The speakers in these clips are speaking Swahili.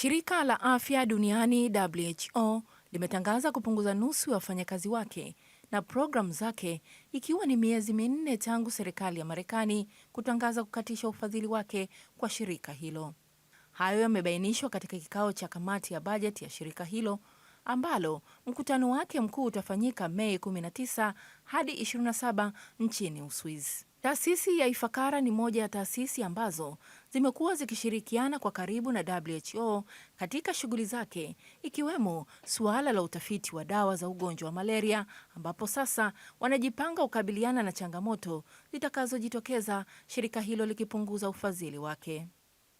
Shirika la Afya Duniani WHO limetangaza kupunguza nusu ya wafanyakazi wake na programu zake ikiwa ni miezi minne tangu serikali ya Marekani kutangaza kukatisha ufadhili wake kwa shirika hilo. Hayo yamebainishwa katika kikao cha kamati ya bajeti ya shirika hilo ambalo mkutano wake mkuu utafanyika Mei 19 hadi 27 nchini Uswizi. Taasisi ya Ifakara ni moja ya taasisi ambazo zimekuwa zikishirikiana kwa karibu na WHO katika shughuli zake ikiwemo suala la utafiti wa dawa za ugonjwa wa malaria, ambapo sasa wanajipanga kukabiliana na changamoto zitakazojitokeza, shirika hilo likipunguza ufadhili wake.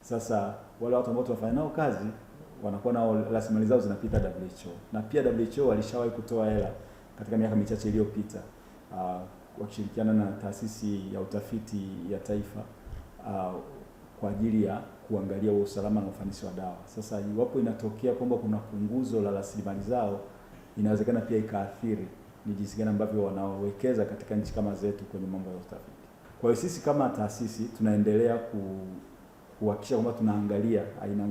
Sasa wale watu ambao tunafanya nao kazi wanakuwa nao rasilimali zao zinapita WHO, na pia WHO walishawahi kutoa hela katika miaka michache iliyopita uh, ah, wakishirikiana na taasisi ya utafiti ya taifa uh, kwa ajili ya kuangalia wa usalama na ufanisi wa dawa. Sasa iwapo inatokea kwamba kuna punguzo la rasilimali zao, inawezekana pia ikaathiri ni jinsi gani ambavyo wanaowekeza katika nchi kama zetu kwenye mambo ya utafiti. Kwa hiyo sisi kama taasisi tunaendelea ku kuhakikisha kwamba tunaangalia aina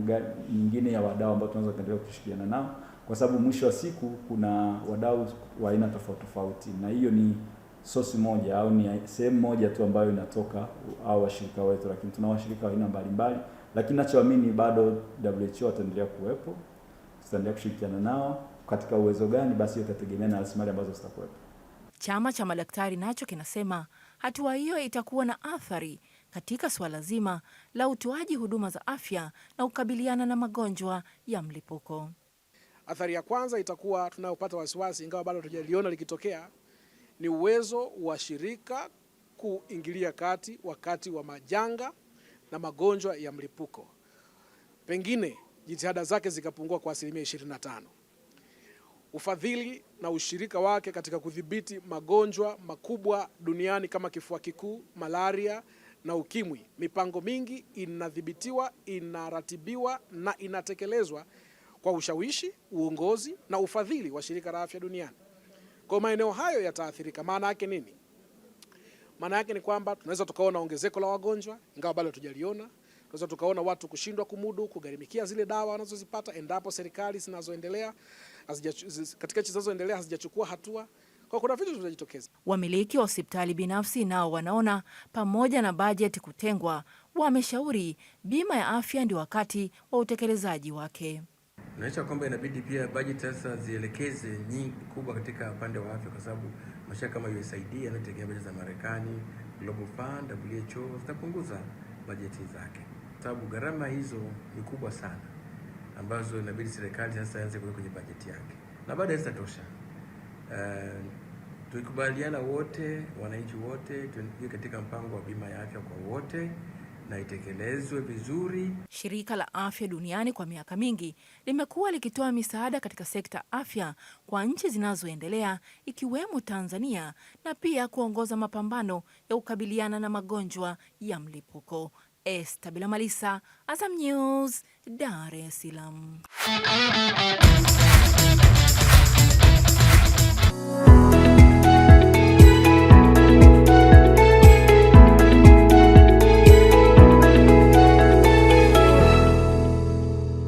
nyingine ya wadau ambao tunaweza kuendelea kushirikiana nao, kwa sababu mwisho wa siku kuna wadau wa aina tofauti tofauti, na hiyo ni sosi moja au ni sehemu moja tu ambayo inatoka au washirika wetu, lakini tuna washirika wa aina mbalimbali, lakini nachoamini bado WHO wataendelea kuwepo, tutaendelea kushirikiana nao katika uwezo gani, basi itategemea na rasilimali ambazo zitakuwepo. Chama cha madaktari nacho kinasema hatua hiyo itakuwa na athari katika suala zima la utoaji huduma za afya na kukabiliana na magonjwa ya mlipuko. Athari ya kwanza itakuwa tunayopata wasiwasi, ingawa bado hatujaliona likitokea ni uwezo wa shirika kuingilia kati wakati wa majanga na magonjwa ya mlipuko, pengine jitihada zake zikapungua kwa asilimia 25. Ufadhili na ushirika wake katika kudhibiti magonjwa makubwa duniani kama kifua kikuu, malaria na ukimwi. Mipango mingi inadhibitiwa, inaratibiwa na inatekelezwa kwa ushawishi, uongozi na ufadhili wa shirika la afya duniani. Kwa maeneo hayo yataathirika. Maana yake nini? Maana yake ni kwamba tunaweza tukaona ongezeko la wagonjwa ingawa bado hatujaliona. Tunaweza tukaona watu kushindwa kumudu kugharimikia zile dawa wanazozipata endapo serikali zinazoendelea katika nchi zinazoendelea hazijachukua hatua. Kwa kuna vitu vinajitokeza. Wamiliki wa hospitali binafsi nao wanaona pamoja na bajeti kutengwa, wameshauri bima ya afya ndio wakati wa utekelezaji wake inaonyesha kwamba inabidi pia budget sasa zielekeze nyingi kubwa katika upande wa afya, kwa sababu mashirika kama USAID yanayotegemea bajeti za Marekani, Global Fund, WHO zitapunguza bajeti zake, sababu gharama hizo ni kubwa sana, ambazo inabidi serikali sasa ianze kuweka kwenye bajeti yake, na baada ya zitatosha. Uh, eh, tukubaliana wote, wananchi wote, tuingie katika mpango wa bima ya afya kwa wote na itekelezwe vizuri. Shirika la Afya Duniani kwa miaka mingi limekuwa likitoa misaada katika sekta afya kwa nchi zinazoendelea ikiwemo Tanzania na pia kuongoza mapambano ya kukabiliana na magonjwa ya mlipuko. Bila Malisa, Azam News, Dar es Salaam.